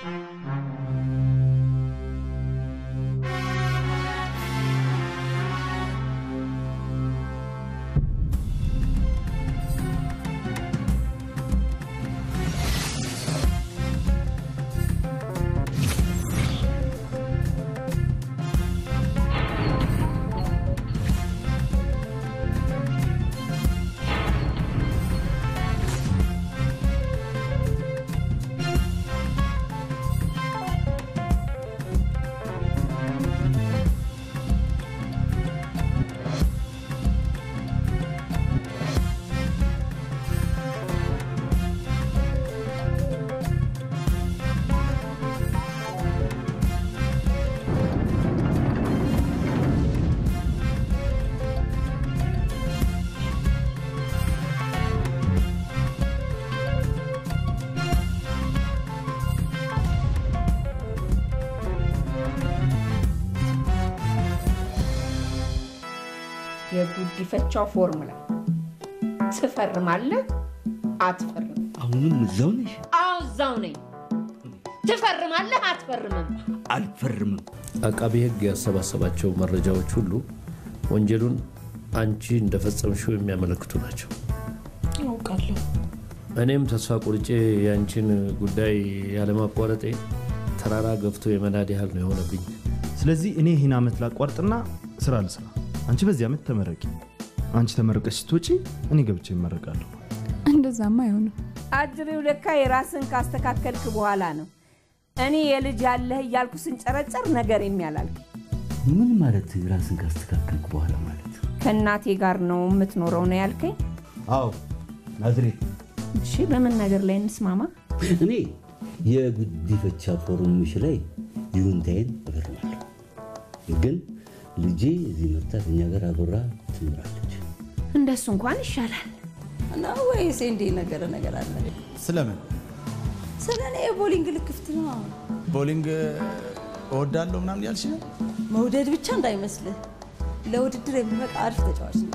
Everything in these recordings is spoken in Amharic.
Thank you. የዲፈቻው ፎርሙላ ትፈርማለህ አትፈርም? አሁንም እዛው ነሽ? አዎ እዛው ነኝ። ትፈርማለህ አትፈርምም? አልፈርምም። አቃቤ ህግ ያሰባሰባቸው መረጃዎች ሁሉ ወንጀሉን አንቺ እንደፈጸምሽው የሚያመለክቱ ናቸው። አውቃለሁ። እኔም ተስፋ ቁርጬ የአንቺን ጉዳይ ያለማቋረጤ ተራራ ገፍቶ የመናድ ያህል ነው የሆነብኝ። ስለዚህ እኔ ይህን ዓመት ላቋርጥና ስራ ልስራ፣ አንቺ በዚህ ዓመት ተመረቂ። አንቺ ተመርቀሽ ስትወጪ እኔ ገብቼ ይመረቃሉ። እንደዛማ አይሆንም። አድሬው ለካ የራስን ካስተካከልክ በኋላ ነው እኔ የልጅ ያለህ እያልኩ ስንጨረጨር ነገር የሚያላል። ምን ማለት ራስን ካስተካከልክ በኋላ ማለት? ከእናቴ ጋር ነው የምትኖረው ነው ያልከኝ? አዎ ናዝሬ። እሺ በምን ነገር ላይ እንስማማ? እኔ የጉዲፈቻ ፎርምሽ ላይ ይሁንታዬን እፈርማለሁ፣ ግን ልጄ እዚህ መጣ እኛ ጋር አብራ ትኖራለች። እንደሱ እንኳን ይሻላል ነው ወይስ እንዴ? ነገር ነገር አለ። ስለምን? ስለ እኔ የቦሊንግ ልክፍት ነው። ቦሊንግ እወዳለሁ ምናምን ያልሽ ነው። መውደድ ብቻ እንዳይመስልህ ለውድድር የሚበቃ አሪፍ ተጫዋች ነው።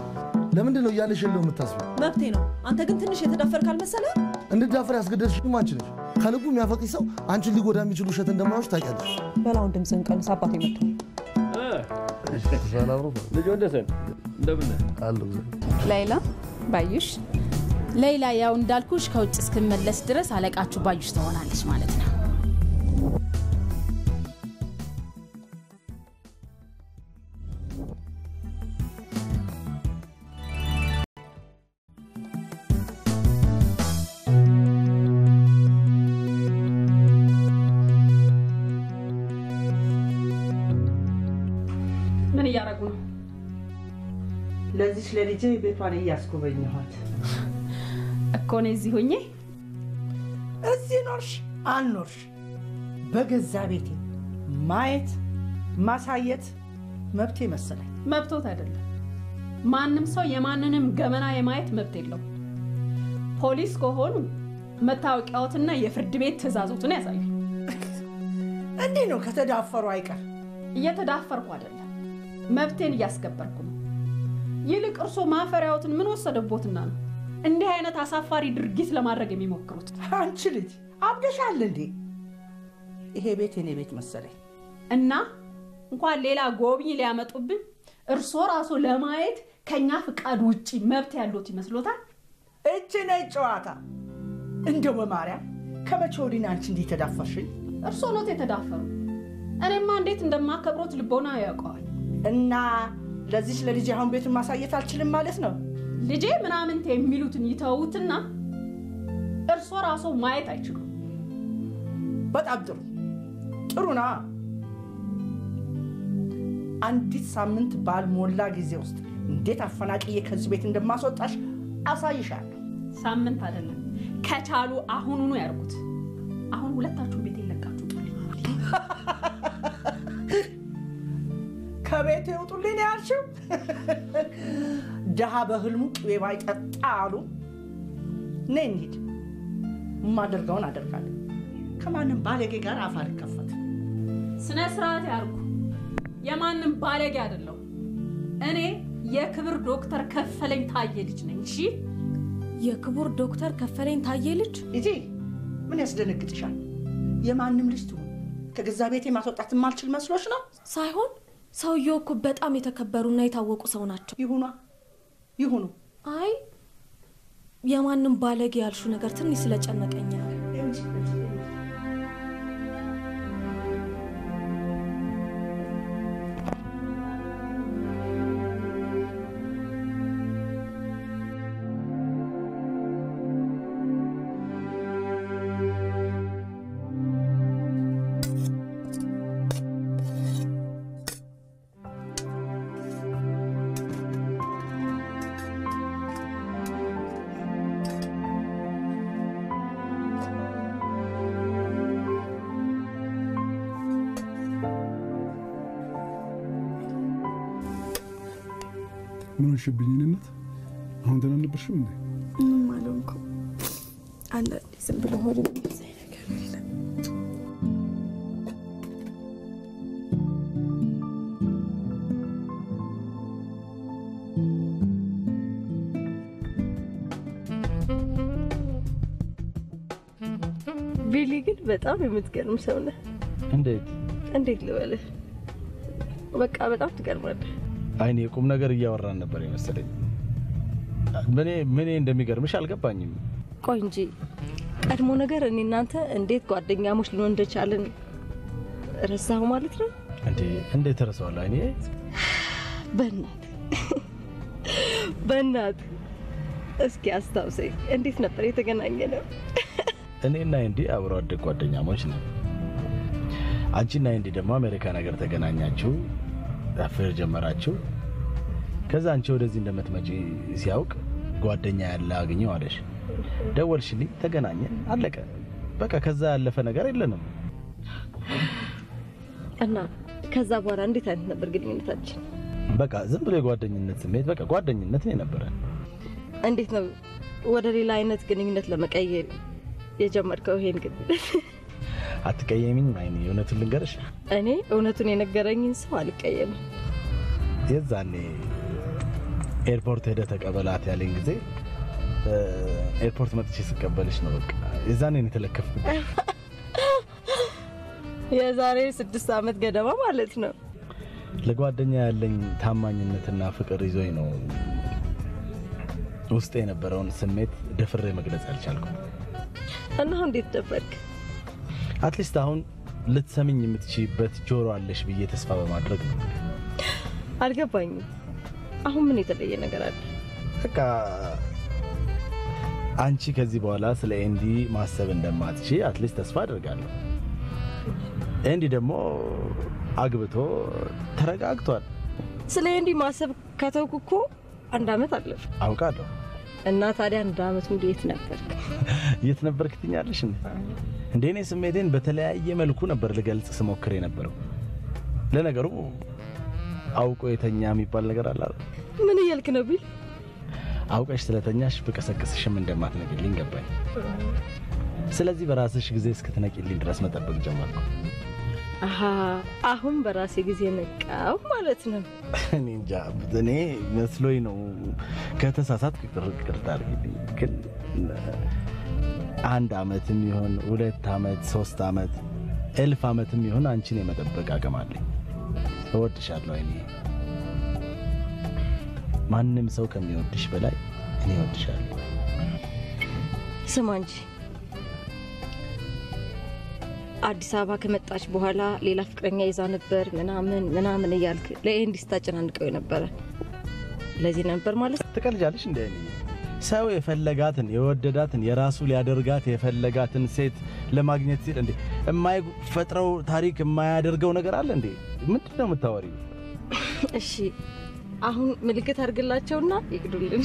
ለምንድን ነው እያለሽ የለው የምታስበው? መብቴ ነው። አንተ ግን ትንሽ የተዳፈር ካልመሰለ እንድዳፈር ያስገደድሽም አንቺ ነሽ። ከልቡ የሚያፈቅ ሰው አንቺን ሊጎዳ የሚችል ውሸት እንደማያወሽ ታውቂያለሽ። በላውን ድምፅህን ቀንስ፣ አባቴ መጥቷል። ልጅ ወደሰን እንደምን አሉ ላይላ ባዩሽ ሌላ ያው እንዳልኩሽ ከውጭ እስክመለስ ድረስ አለቃችሁ ባዩሽ ትሆናለች ማለት ነው። ምን እያደረጉ ነው? ልጅሽ ለልጅ ቤቷን እያስጎበኘኋት እኮ ነው። እዚህ ሆኜ እዚህ ኖርሽ አልኖርሽ በገዛ ቤቴ ማየት ማሳየት መብቴ መሰለኝ። መብቶት አይደለም። ማንም ሰው የማንንም ገመና የማየት መብት የለው? ፖሊስ ከሆኑ መታወቂያዎትና የፍርድ ቤት ትዕዛዞትን ያሳዩ። እንዲህ ነው ከተዳፈሩ አይቀር። እየተዳፈርኩ አይደለም፣ መብቴን እያስከበርኩ ነው። ይልቅ እርሶ ማፈሪያዎትን ምን ወሰደቦትና ነው እንዲህ አይነት አሳፋሪ ድርጊት ለማድረግ የሚሞክሩት? አንቺ ልጅ አብደሻል እንዴ? ይሄ ቤት የኔ ቤት መሰለኝ እና እንኳን ሌላ ጎብኝ ሊያመጡብን እርሶ ራሱ ለማየት ከኛ ፍቃድ ውጪ መብት ያለት ይመስሎታል? እች ነች ጨዋታ። እንደው በማርያም ከመቼ ወዲህ አንቺ እንዲህ ተዳፈርሽኝ? እርሶ ኖት የተዳፈሩ። እኔማ እንዴት እንደማከብሮት ልቦና ያውቀዋል እና ለዚች ለልጅ አሁን ቤቱን ማሳየት አልችልም ማለት ነው። ልጄ ምናምን የሚሉትን ይተውትና እርሶ ራሶ ማየት አይችሉም። በጣም ጥሩ ጥሩ ና አንዲት ሳምንት ባልሞላ ጊዜ ውስጥ እንዴት አፈናቅዬ ከዚህ ቤት እንደማስወጣሽ አሳይሻለሁ። ሳምንት አይደለም፣ ከቻሉ አሁኑኑ ያርጉት። አሁን ሁለታችሁ ቤት የለቃችሁ ከቤት ይውጡልኝ ያልሽው ድሃ በህልሙ ቅቤ ባይጠጣ አሉ። እኔ እንሂድ፣ የማደርገውን አደርጋለሁ። ከማንም ባለጌ ጋር አፍ አልከፈት። ስነ ስርዓት ያርኩ የማንም ባለጌ አይደለሁ እኔ የክብር ዶክተር ከፈለኝ ታየ ልጅ ነኝ። እሺ፣ የክቡር ዶክተር ከፈለኝ ታየ ልጅ እጂ። ምን ያስደነግጥሻል? የማንም ልጅ ትሁን ከገዛ ቤቴ ማስወጣት የማልችል መስሎች ነው? ሳይሆን ሰውየው እኮ በጣም የተከበሩና የታወቁ ሰው ናቸው። ይሁኗ ይሁኑ። አይ የማንም ባለጌ ያልሹ ነገር ትንሽ ስለጨነቀኝ ነው። ያመሽብኝንነት አሁን ደህና ነበርሽም እንዴ? ምንም አልሆንኩም። አንዳንዴ ዝም ብሎ ሆድ ቢሊ ግን በጣም የምትገርም ሰው ነህ። እንዴት እንዴት ልበልህ፣ በቃ በጣም ትገርማለህ። አይኔ ቁም ነገር እያወራን ነበር የመሰለኝ። ምኔ ምን እንደሚገርምሽ አልገባኝም። ቆይ እንጂ ቀድሞ ነገር እኔ እናንተ እንዴት ጓደኛሞች ልሆን እንደቻልን ረሳሁ ማለት ነው። እንዴ እንዴት ረሳዋል? አይኔ በእናት በእናት እስኪ አስታውሰኝ፣ እንዴት ነበር የተገናኘ ነው? እኔና እንዲ አብሮ አደግ ጓደኛሞች ነው። አንቺና እንዲ ደግሞ አሜሪካ ነገር ተገናኛችሁ፣ አፍር ጀመራችሁ ከዛ አንቺ ወደዚህ እንደምትመጪ ሲያውቅ ጓደኛ ያለ አግኘው አለሽ። ደወልሽልኝ፣ ተገናኘን፣ አለቀ። በቃ ከዛ ያለፈ ነገር የለንም። እና ከዛ በኋላ እንዴት አይነት ነበር ግንኙነታችን? በቃ ዝም ብሎ የጓደኝነት ስሜት በቃ ጓደኝነት ነው የነበረ። እንዴት ነው ወደ ሌላ አይነት ግንኙነት ለመቀየር የጀመርከው ይሄን ግንኙነት? አትቀየሚኝ አይኔ፣ እውነቱን ልንገርሽ፣ እኔ እውነቱን የነገረኝን ሰው አልቀየምም። የዛኔ ኤርፖርት ሄደ ተቀበላት ያለኝ ጊዜ ኤርፖርት መጥቼ ስቀበልሽ ነው በቃ የዛኔ ነው የዛሬ ስድስት ዓመት ገደማ ማለት ነው። ለጓደኛ ያለኝ ታማኝነትና ፍቅር ይዞኝ ነው ውስጥ የነበረውን ስሜት ደፍሬ መግለጽ ያልቻልኩ። እና እንዴት ደፈርክ? አትሊስት አሁን ልትሰሚኝ የምትችይበት ጆሮ አለሽ ብዬ ተስፋ በማድረግ ነው። አልገባኝም አሁን ምን የተለየ ነገር አለ? በቃ አንቺ ከዚህ በኋላ ስለ ኤንዲ ማሰብ እንደማትች አትሊስት ተስፋ አድርጋለሁ። ኤንዲ ደግሞ አግብቶ ተረጋግቷል። ስለ ኤንዲ ማሰብ ከተውኩ እኮ አንድ አመት አለፈ። አውቃለሁ። እና ታዲያ አንድ አመት ሙሉ የት ነበርክ? የት ነበርክ ትኛለሽ? እንደ እኔ ስሜቴን በተለያየ መልኩ ነበር ልገልጽ ስሞክር የነበረው። ለነገሩ አውቆ የተኛ የሚባል ነገር አለ። ልክ ነው ቢል አውቀሽ ስለተኛሽ ብቀሰቅስሽም እንደማትነቂልኝ ገባኝ። ስለዚህ በራስሽ ጊዜ እስክትነቂልኝ ድረስ መጠበቅ ጀመርኩ። አሀ አሁን በራሴ ጊዜ ነቃው ማለት ነው። እኔ እንጃ እኔ መስሎኝ ነው። ከተሳሳት ቅርቅርት አድርጊልኝ። ግን አንድ አመትም ይሆን ሁለት አመት ሶስት አመት እልፍ አመትም ይሆን አንቺን የመጠበቅ አቅም አለኝ። እወድሻለሁ እኔ ማንም ሰው ከሚወድሽ በላይ እኔ ወድሻለሁ ስማ እንጂ አዲስ አበባ ከመጣች በኋላ ሌላ ፍቅረኛ ይዛ ነበር ምናምን ምናምን እያልክ ለኤንዲ ስታጨናንቀው ነበረ። ለዚህ ነበር ማለት ትቀልጃለሽ። እንደ ሰው የፈለጋትን የወደዳትን የራሱ ሊያደርጋት የፈለጋትን ሴት ለማግኘት ሲል እንዴ የማይፈጥረው ታሪክ የማያደርገው ነገር አለ እንዴ? ምንድን ነው የምታወሪው? እሺ አሁን ምልክት አድርግላቸውና ይግዱልን።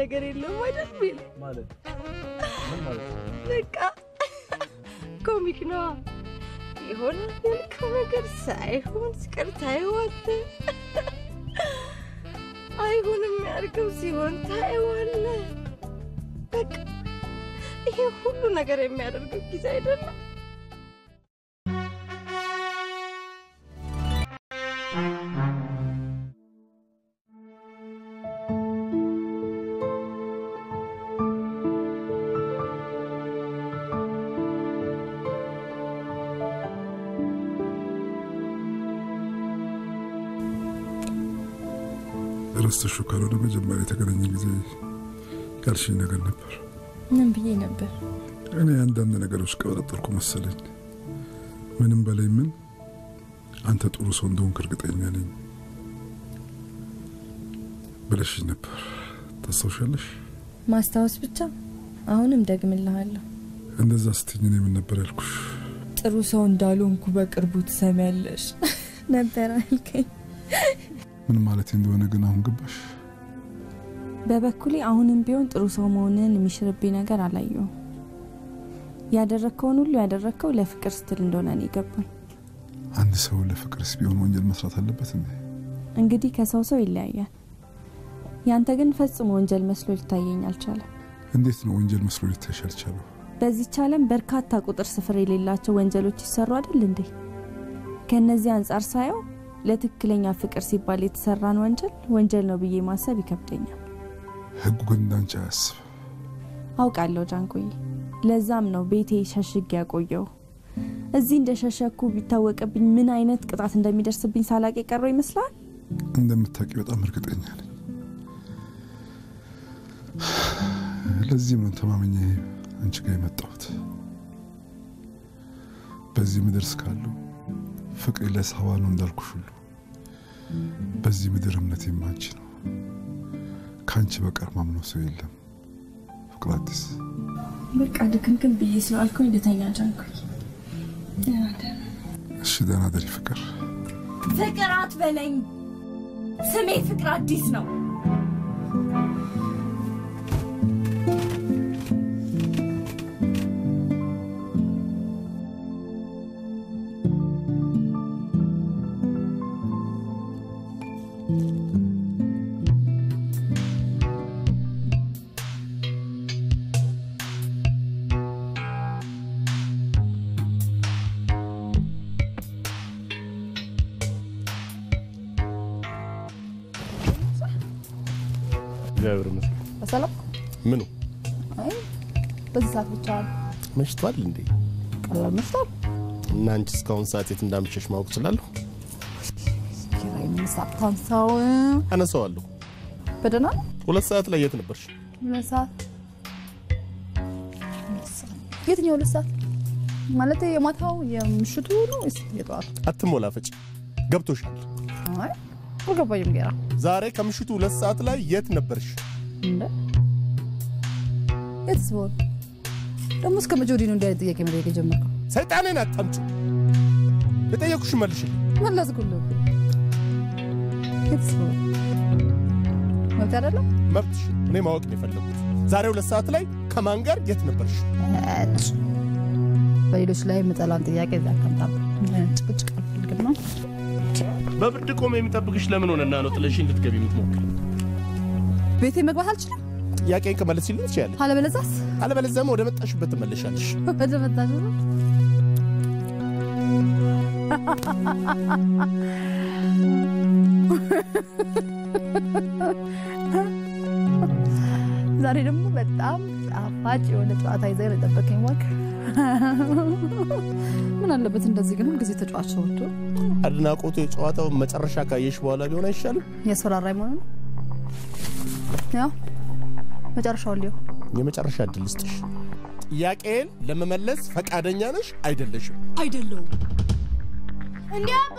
ነገር የለም አይደል? ቤል ማለት በቃ ኮሚክ ነዋ። የሆነ ያልከው ነገር ሳይሆን ሲቀር ታየዋለህ፣ አይሆንም ያልከው ሲሆን ታየዋለህ። በቃ ይሄ ሁሉ ነገር የሚያደርገው ጊዜ አይደለም ያልሽው ካልሆነ መጀመሪያ የተገናኘ ጊዜ ያልሽኝ ነገር ነበር። ምን ብዬ ነበር? እኔ አንዳንድ ነገሮች ቀበጠጠርኩ መሰለኝ። ምንም በላይ ምን አንተ ጥሩ ሰው እንደሆንክ እርግጠኛ ነኝ ብለሽኝ ነበር። ታስታውሻለሽ? ማስታወስ ብቻ አሁንም ደግምልሃለሁ። እንደዛ ስትኝ ነው የምን ነበር ያልኩሽ? ጥሩ ሰው እንዳልሆንኩ በቅርቡ ትሰሚያለሽ ነበር አልከኝ። ምን ማለት እንደሆነ ግን አሁን ገባሽ? በበኩሌ አሁንም ቢሆን ጥሩ ሰው መሆንን የሚሽርብኝ ነገር አላየሁም። ያደረግከውን ሁሉ ያደረግከው ለፍቅር ስትል እንደሆነ ነው ይገባል አንድ ሰው ለፍቅርስ ቢሆን ወንጀል መስራት አለበት እንዴ? እንግዲህ ከሰው ሰው ይለያያል። ያንተ ግን ፈጽሞ ወንጀል መስሎ ሊታየኝ አልቻለም። እንዴት ነው ወንጀል መስሎ ሊታይሽ አልቻለም? በዚህ ቻለም በርካታ ቁጥር ስፍር የሌላቸው ወንጀሎች ይሰሩ አይደል እንዴ? ከእነዚህ አንጻር ሳየው ለትክክለኛ ፍቅር ሲባል የተሰራን ወንጀል ወንጀል ነው ብዬ ማሰብ ይከብደኛል። ህጉ ግን እንዳንቺ አያስብ አውቃለሁ ጃንቆይ። ለዛም ነው ቤቴ ሸሽግ ያቆየው። እዚህ እንደ ሸሸኩ ቢታወቅብኝ ምን አይነት ቅጣት እንደሚደርስብኝ ሳላቅ የቀረው ይመስላል። እንደምታውቂ በጣም እርግጠኛ ነኝ። ለዚህ ምን ተማምኜ አንቺ ጋር የመጣሁት በዚህ ምድር እስካለሁ ፍቅሬ ለሳባ ነው እንዳልኩሽ ሁሉ በዚህ ምድር እምነት የማንች ነው። ከአንቺ በቀር ማምኖ ሰው የለም። ፍቅራትስ በቃ ድክምክም ብዬ ስላልኩኝ ልተኛ ቻልኩኝ። እሺ ደህና ደሪ ፍቅር ፍቅር አትበለኝ። ስሜ ፍቅር አዲስ ነው። እግዚአብሔር ይመስገን። በሰላም ምኑ? አይ በዚህ ሰዓት ብቻ መሽቷል እንዴ? ቀላል መሽቷል። እና አንቺ እስካሁን ሰዓት የት እንዳመሸሽ ማወቅ እችላለሁ? ኪራይ አነሳዋለሁ። በደህና ሁለት ሰዓት ላይ የት ነበርሽ? ሁለት ሰዓት የትኛው ሁለት ሰዓት ማለት የማታው የምሽቱ ነው የጠዋቱ? አትሞላ ፈጭ ገብቶሻል? አይ አልገባኝም ጌራ ዛሬ ከምሽቱ ሁለት ሰዓት ላይ የት ነበርሽ? የት ስሆን ደግሞ እስከ መቼ ወዲህ ነው እንዲህ አይነት ጥያቄ መጠየቅ የጀመርከው? ሰይጣኔን አታምጩ። የጠየኩሽ መልሽልኝ። መለስኩልህ። የት ስሆን መብት አይደለም? መብትሽ። እኔ ማወቅ ነው የፈለጉት። ዛሬ ሁለት ሰዓት ላይ ከማን ጋር የት ነበርሽ? በሌሎች ላይ የምጠላን ጥያቄ ዛካምጣ ጭቅጭቅ አልፈልግም ነው በብርድ ቆመ የሚጠብቅሽ ለምን ሆነና ነው ጥለሽ ልትገቢ የምትሞክር? ቤቴ መግባት አልችልም። ጥያቄን ከመለስ ይልን ይችላል። አለበለዛስ? አለበለዛም ወደ መጣሽበት ትመለሻለሽ። ወደ መጣሽበት ዛሬ ደግሞ በጣም ጣፋጭ የሆነ ጨዋታ ይዘህ ለጠበቀኝ ወክ ምን አለበት እንደዚህ ግን ጊዜ ተጫዋች ወጥቶ አድናቆቱ የጨዋታው መጨረሻ ካየሽ በኋላ ቢሆን አይሻልም? ያስፈራራኝ መሆኑ ነው። ያው መጨረሻው ሊሆን የመጨረሻ እድል ስጥሽ። ጥያቄን ለመመለስ ፈቃደኛ ነሽ አይደለሽም? አይደለውም። እንዲህ አባ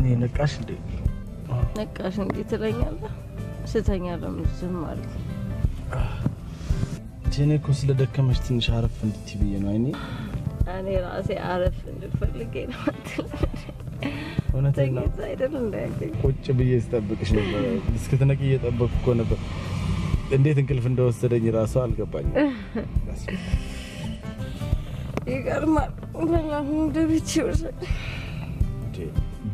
እኔ ነቃሽ እንዴ ነቃሽ እንዴ ትለኛለህ? ስተኛ ለምን ዝም አልክ? እኔ እኮ ስለደከመሽ ትንሽ አረፍ እንድትይ ብዬ ነው። አይኔ እኔ ራሴ አረፍ እንድፈልገኝ ነው። እውነተኛ አይደለም። ቁጭ ብዬ ስጠብቅሽ ነበር። እስክትነቂ እየጠበቅኩ እኮ ነበር። እንዴት እንቅልፍ እንደወሰደኝ ራሱ አልገባኝም። ይገርማል። ለላሁ ደብቼ ወሰደኝ።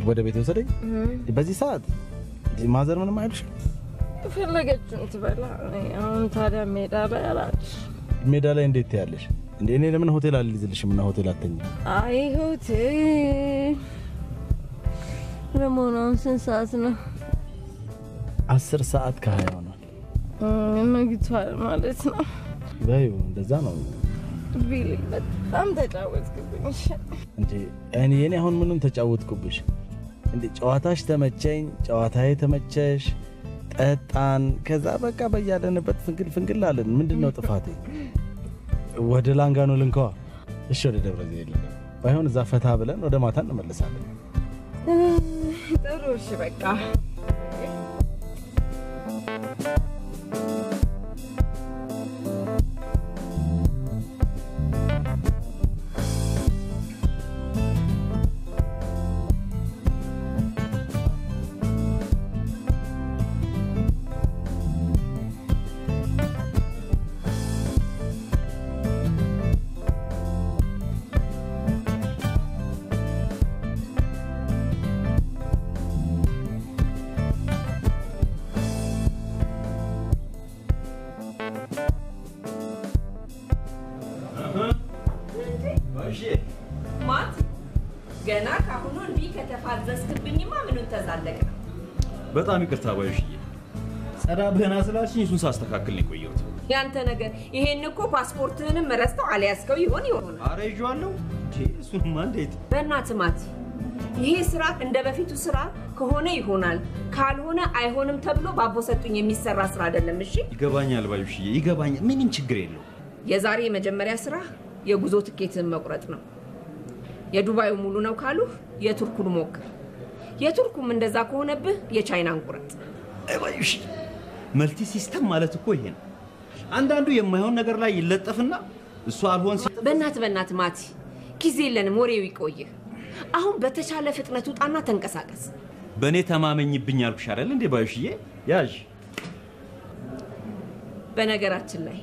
ወደ ቤት ወሰደኝ። በዚህ ሰዓት ማዘር ምንም አይልሽ ፈለገችውን ትበላ። አሁን ታዲያ ሜዳ ላይ አላች። ሜዳ ላይ እንዴት ትያለሽ? እንዴ? እኔ ለምን ሆቴል አልይዝልሽም እና ሆቴል አተኝ። አይ ሆቴል ለመሆኑ አሁን ስንት ሰዓት ነው? አስር ሰዓት ከሀያ ሆኗል። መግቷል ማለት ነው። በይ እንደዛ ነው። ቢል በጣም ተጫወትክብኝ። እኔ አሁን ምንም ተጫወትኩብሽ እንዴ? ጨዋታሽ ተመቸኝ፣ ጨዋታዬ ተመቸሽ፣ ጠጣን። ከዛ በቃ በያለንበት ፍንግል ፍንግል አለን። ምንድን ነው ጥፋቴ? ወደ ላንጋኖ ልንከዋ? እሺ ወደ ደብረ ዘይት ልንከዋ፣ ባይሆን እዛ ፈታ ብለን ወደ ማታ እንመለሳለን። ጥሩ እሺ በቃ በጣም ይቅርታ ባዩሽዬ። ጸዳ ብህና ስላልሽኝ እሱን ሳስተካክል ነው የቆየሁት። ያንተ ነገር ይሄን እኮ ፓስፖርትህንም ረስተው አልያዝከው ይሆን ይሆናል። ኧረ ይዤዋለሁ። እሱንማ እንዴት! በእናትህ ማቲ፣ ይሄ ስራ እንደ በፊቱ ስራ ከሆነ ይሆናል፣ ካልሆነ አይሆንም ተብሎ ባቦ ሰጡኝ የሚሰራ ስራ አይደለም። እሺ ይገባኛል ባዩሽዬ፣ ይገባኛል። ምንም ችግር የለው። የዛሬ የመጀመሪያ ስራ የጉዞ ትኬትን መቁረጥ ነው። የዱባዩ ሙሉ ነው ካሉ የቱርኩን ሞክር። የቱርኩም እንደዛ ከሆነብህ የቻይናን ቁረጥ። እባዩሽ መልቲ ሲስተም ማለት እኮ ይሄ ነው። አንዳንዱ የማይሆን ነገር ላይ ይለጠፍና እሱ አልሆን ሲ በእናት በእናት ማቲ ጊዜ የለንም፣ ወሬው ይቆይህ። አሁን በተቻለ ፍጥነት ውጣና ተንቀሳቀስ። በእኔ ተማመኝብኝ አልኩሽ አይደል እንዴ ባዩሽዬ? ያዥ። በነገራችን ላይ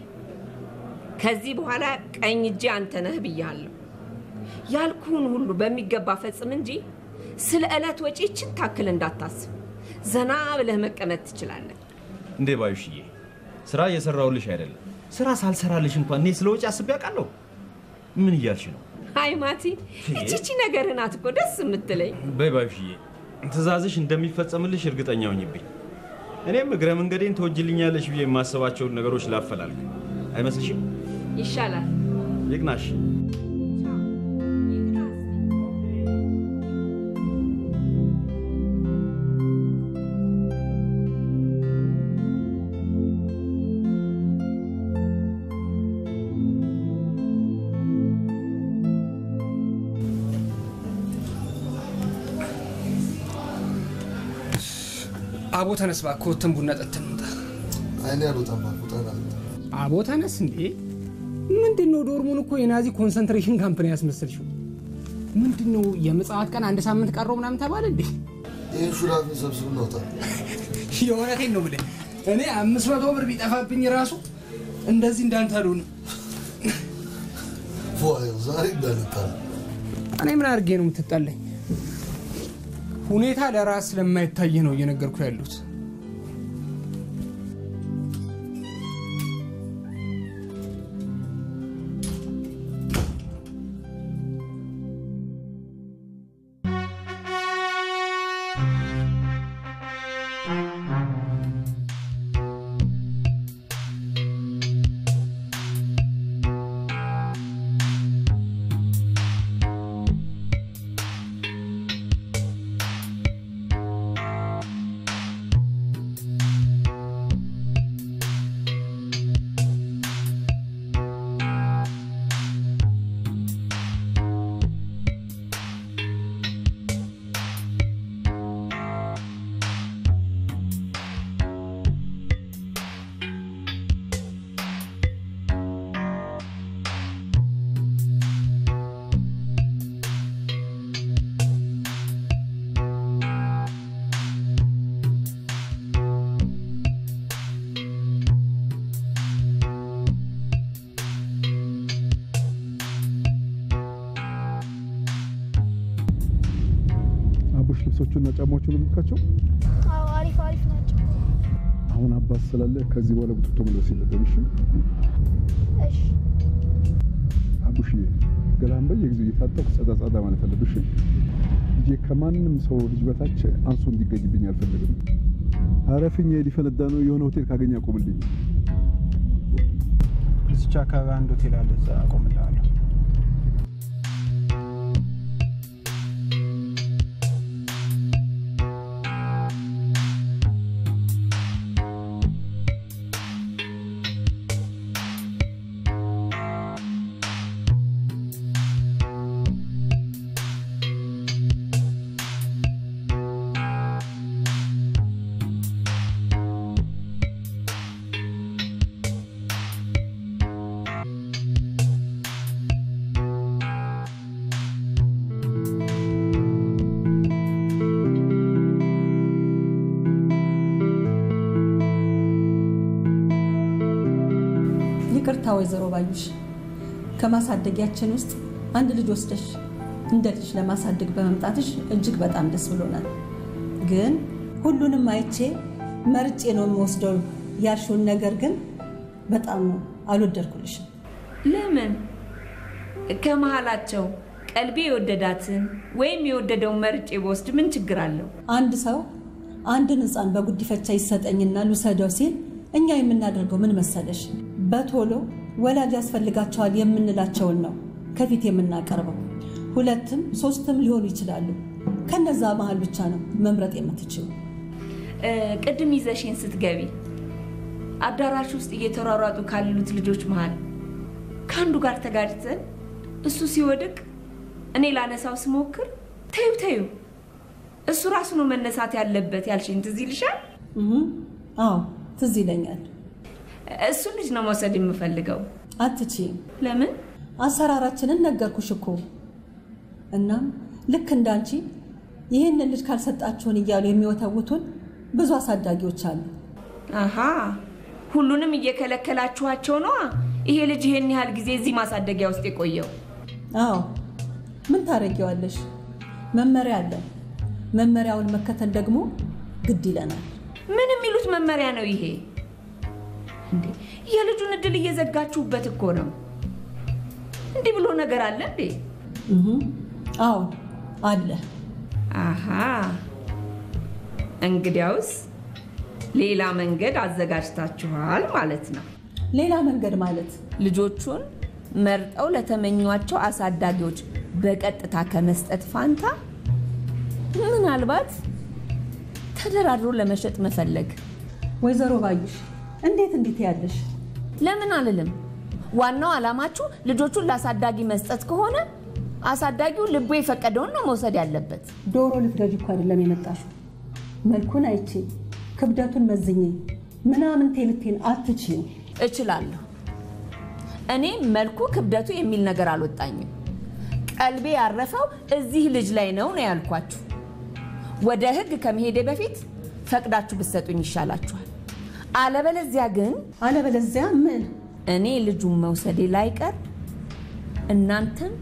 ከዚህ በኋላ ቀኝ እጄ አንተ ነህ ብያለሁ። ያልኩህን ሁሉ በሚገባ ፈጽም እንጂ ስለ ዕለት ወጪ ይችን ታክል እንዳታስብ፣ ዘና ብለህ መቀመጥ ትችላለህ። እንዴ ባዩሽዬ፣ ስራ እየሰራሁልሽ አይደለም። ስራ ሳልሰራልሽ እንኳን እኔ ስለ ወጪ አስቤ ያውቃለሁ? ምን እያልሽ ነው? አይ ማቲ፣ እቺቺ ነገር ናት እኮ ደስ የምትለኝ። በይ ባዩሽዬ፣ ትእዛዝሽ እንደሚፈጸምልሽ እርግጠኛ ሆኝብኝ። እኔም እግረ መንገዴን ተወጅልኛለሽ ብዬ የማስባቸውን ነገሮች ላፈላልግ አይመስልሽም? ይሻላል። ይቅናሽ። ተነስ እባክህ፣ ወተን ቡና ጠጥተን እንምጣ። አይኔ አልወጣም እባክህ፣ ውጣ። አቦ ተነስ እንዴ! ምንድን ነው ዶርሙን እኮ የናዚ ኮንሰንትሬሽን ካምፕ ነው ያስመሰልሽው። ምንድን ነው የምጽአት ቀን አንድ ሳምንት ቀረው ምናምን ተባለ እንዴ? ይህ ሹራብ ሰብስብ እናውጣ። የእውነቴን ነው ብለ እኔ አምስት መቶ ብር ቢጠፋብኝ ራሱ እንደዚህ እንዳንተ አልሆንም። ዛሬ እንዳልጣል እኔ ምን አድርጌ ነው የምትጣለኝ? ሁኔታ ለራስ ስለማይታይ ነው እየነገርኩ ያሉት ልብሶቹና ጫማዎቹ ነው አዎ አሪፍ አሪፍ ናቸው። አሁን አባት ስላለ ከዚህ በኋላ ቡትቶ መለስ የለብም። እሺ እሺ። አቡሽዬ ገላህን በየጊዜው እየታጠብኩ ጸዳ ጸዳ ማለት አለብሽ። ልጄ ከማንም ሰው ልጅ በታች አንሶ እንዲገኝብኝ አልፈልግም። አረፍኛ ሊፈነዳ ነው። የሆነ ሆቴል ካገኘ አቆምልኝ። እዚች አካባቢ አንድ ሆቴል አለ፣ እዛ አቆምልኝ ወይዘሮ ባዩሽ ከማሳደጊያችን ውስጥ አንድ ልጅ ወስደሽ እንደ ልጅ ለማሳደግ በመምጣትሽ እጅግ በጣም ደስ ብሎናል። ግን ሁሉንም አይቼ መርጬ ነው የምወስደው ያልሽውን ነገር ግን በጣም አልወደድኩልሽም። ለምን? ከመሃላቸው ቀልቤ የወደዳትን ወይም የወደደውን መርጬ በወስድ ምን ችግር አለው? አንድ ሰው አንድን ሕፃን በጉዲፈቻ ይሰጠኝና ልውሰደው ሲል እኛ የምናደርገው ምን መሰለሽ? በቶሎ ወላጅ ያስፈልጋቸዋል የምንላቸውን ነው ከፊት የምናቀርበው። ሁለትም ሶስትም ሊሆኑ ይችላሉ። ከነዛ መሀል ብቻ ነው መምረጥ የምትችሉ። ቅድም ይዘሽን ስትገቢ አዳራሽ ውስጥ እየተሯሯጡ ካሉት ልጆች መሀል ከአንዱ ጋር ተጋድተን እሱ ሲወድቅ እኔ ላነሳው ስሞክር ተዩ ተዩ እሱ ራሱ ነው መነሳት ያለበት ያልሽኝ ትዝ ይልሻል? አዎ ትዝ ይለኛል። እሱ ልጅ ነው መውሰድ የምፈልገው። አትቺ። ለምን? አሰራራችንን ነገርኩሽ እኮ። እናም ልክ እንዳንቺ ይህንን ልጅ ካልሰጣችሁን እያሉ የሚወተውቱን ብዙ አሳዳጊዎች አሉ። አሀ ሁሉንም እየከለከላችኋቸው ነዋ። ይሄ ልጅ ይሄን ያህል ጊዜ እዚህ ማሳደጊያ ውስጥ የቆየው። አዎ ምን ታደርጊዋለሽ? መመሪያ አለ። መመሪያውን መከተል ደግሞ ግድ ይለናል። ምን የሚሉት መመሪያ ነው ይሄ? እንዴ የልጁን እድል እየዘጋችሁበት እኮ ነው። እንዲህ ብሎ ነገር አለ እንዴ? አዎ አለ። አሃ እንግዲያውስ ሌላ መንገድ አዘጋጅታችኋል ማለት ነው። ሌላ መንገድ ማለት ልጆቹን መርጠው ለተመኟቸው አሳዳጊዎች በቀጥታ ከመስጠት ፋንታ ምናልባት ተደራድሮ ለመሸጥ መፈለግ። ወይዘሮ ባዩሽ እንዴት እንዴት ያለሽ ለምን አልልም። ዋናው አላማችሁ ልጆቹን ለአሳዳጊ መስጠት ከሆነ አሳዳጊው ልቡ የፈቀደውን ነው መውሰድ ያለበት። ዶሮ ልትገዢ እኮ አይደለም የመጣሽው። መልኩን አይቼ ክብደቱን መዝኜ ምናምን ቴልቴን አትችይም። እችላለሁ። እኔ መልኩ ክብደቱ የሚል ነገር አልወጣኝም። ቀልቤ ያረፈው እዚህ ልጅ ላይ ነው ነው ያልኳችሁ። ወደ ህግ ከመሄዴ በፊት ፈቅዳችሁ ብትሰጡኝ ይሻላችኋል። አለበለዚያ ግን አለበለዚያ ምን እኔ ልጁን መውሰዴ ላይቀር እናንተም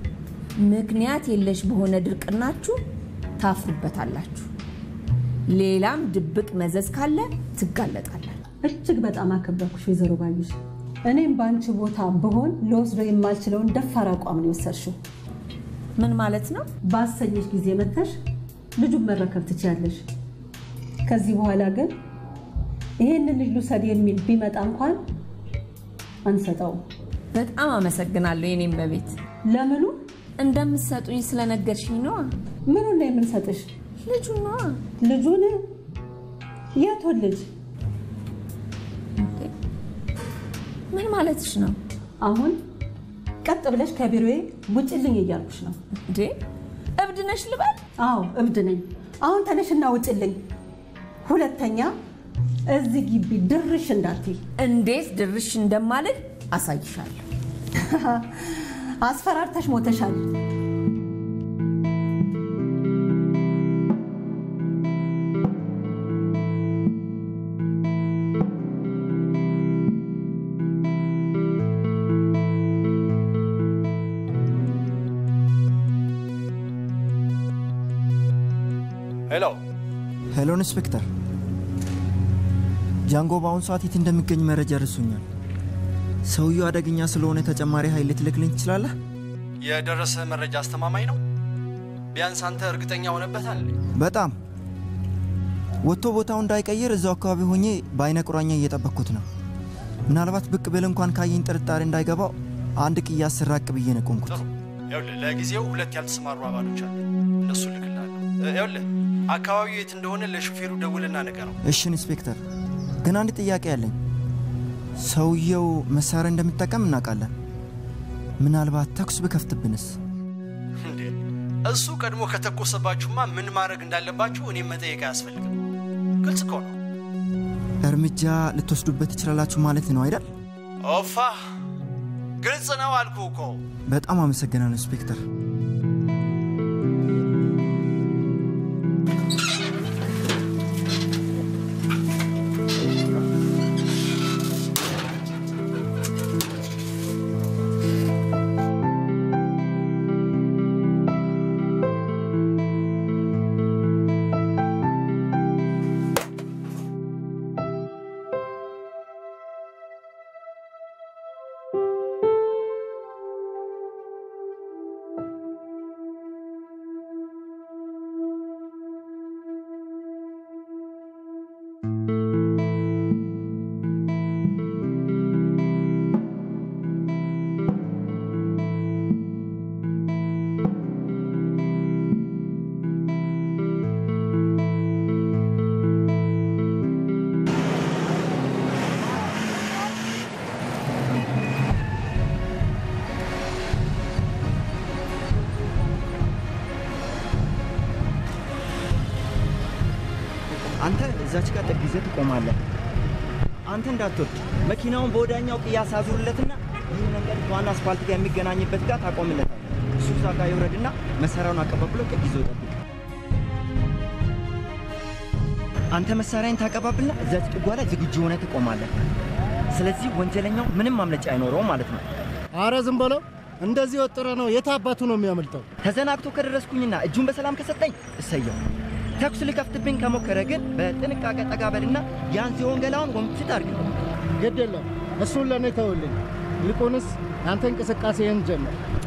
ምክንያት የለሽ በሆነ ድርቅናችሁ ታፍሩበታላችሁ። ሌላም ድብቅ መዘዝ ካለ ትጋለጣላችሁ። እጅግ በጣም አከበርኩሽ ወይዘሮ ባዩሽ። እኔም በአንቺ ቦታ ብሆን ለወስዶ የማልችለውን ደፋር አቋም ነው የወሰድሽው። ምን ማለት ነው? ባሰኘሽ ጊዜ መተሽ ልጁን መረከብ ትችያለሽ። ከዚህ በኋላ ግን ይሄንን ልጅ ልውሰድ የሚል ቢመጣ እንኳን አንሰጠውም። በጣም አመሰግናለሁ የኔም በቤት ለምኑ እንደምትሰጡኝ ስለነገርሽኝ ነዋ። ምኑ ላይ የምንሰጥሽ? ልጁ ነዋ። ልጁን የቱን ልጅ? ምን ማለትሽ ነው? አሁን ቀጥ ብለሽ ከቢሮዬ ውጭልኝ እያልኩሽ ነው። እንዴ እብድ ነሽ ልበል? አዎ እብድ ነኝ። አሁን ተነሽና ውጭልኝ። ሁለተኛ እዚህ ግቢ ድርሽ እንዳትይ። እንዴት ድርሽ እንደማልል አሳይሻለሁ። አስፈራርተሽ ሞተሻል። ሄሎ ሄሎ፣ ኢንስፔክተር ጃንጎ በአሁኑ ሰዓት የት እንደሚገኝ መረጃ ደርሶኛል። ሰውየው አደገኛ ስለሆነ ተጨማሪ ኃይል ልትልክልኝ ትችላለህ? የደረሰ መረጃ አስተማማኝ ነው? ቢያንስ አንተ እርግጠኛ ሆነበታል? በጣም ወጥቶ ቦታው እንዳይቀይር እዛው አካባቢ ሆኜ በአይነ ቁራኛ እየጠበቅኩት ነው። ምናልባት ብቅ ብል እንኳን ካየኝ ጥርጣሬ እንዳይገባው አንድ ቅያ ራቅ ብዬ ነው ቆምኩት። ለጊዜው ሁለት ያልተሰማሩ አባሎች አሉ፣ እነሱ ልክላለሁ። ይኸውልህ አካባቢው የት እንደሆነ ለሹፌሩ ደውልና ነገር ነው። እሺ ኢንስፔክተር። ግን አንድ ጥያቄ ያለኝ፣ ሰውየው መሳሪያ እንደሚጠቀም እናውቃለን። ምናልባት ተኩስ ብከፍትብንስ? እሱ ቀድሞ ከተኮሰባችሁማ ምን ማድረግ እንዳለባችሁ እኔም መጠየቅ አያስፈልግም። ግልጽ እኮ ነው። እርምጃ ልትወስዱበት ትችላላችሁ ማለት ነው አይደል? ኦፋ፣ ግልጽ ነው አልኩ እኮ። በጣም አመሰግናለሁ ኢንስፔክተር። እዛች ጋር ጥግ ይዘህ ትቆማለህ። አንተ እንዳትወድ መኪናውን በወዳኛው ቅያስ አዙርለትና ይህ መንገድ ከዋና አስፋልት ጋር የሚገናኝበት ጋር ታቆምለታል። እሱ እዛ ጋር ይውረድና መሳሪያውን አቀባብሎ ጥግ ይዞ ጠብቅ። አንተ መሳሪያን ታቀባብልና እዛች ጥጓ ላይ ዝግጁ ሆነ ትቆማለህ። ስለዚህ ወንጀለኛው ምንም ማምለጫ አይኖረው ማለት ነው። አረ ዝም በለው። እንደዚህ ወጥረ ነው የታ አባቱ ነው የሚያመልጠው? ተዘናግቶ ከደረስኩኝና እጁን በሰላም ከሰጠኝ እሰየው። ተኩስ ሊከፍትብኝ ከሞከረ ግን በጥንቃቄ ጠጋ በልና ያን ሲሆን ገላውን ጎምስት አድርግ። ግድ የለም እሱን ለእኔ ተውልኝ። ይልቁንስ አንተ እንቅስቃሴህን ጀመር።